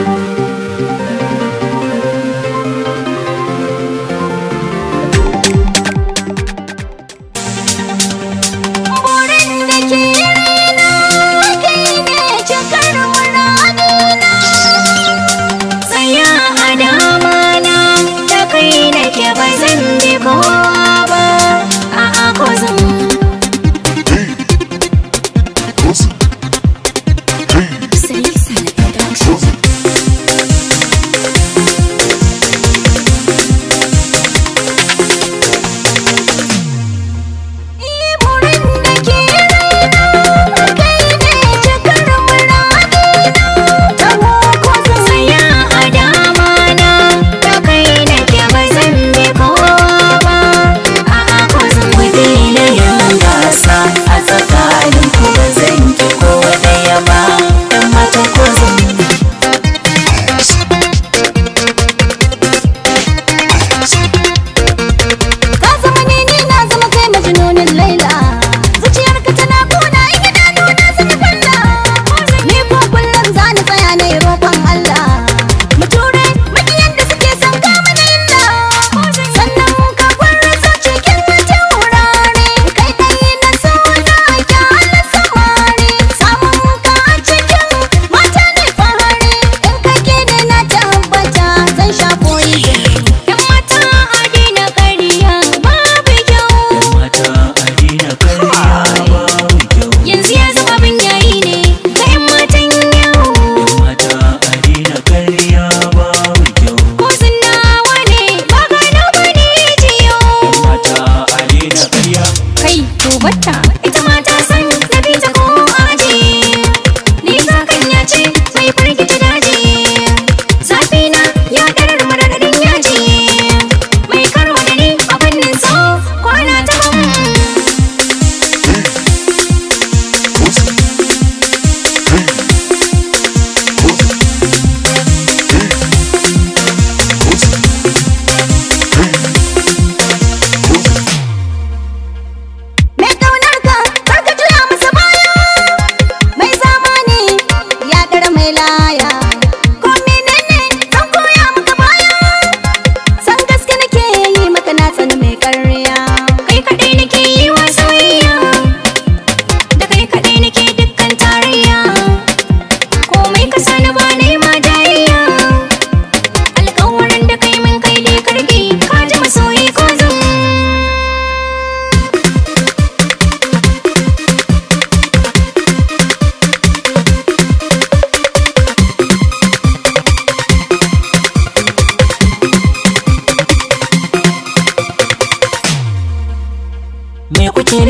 Thank you.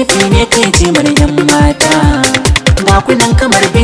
karfi ne kai ce yan mata ga kunan kamar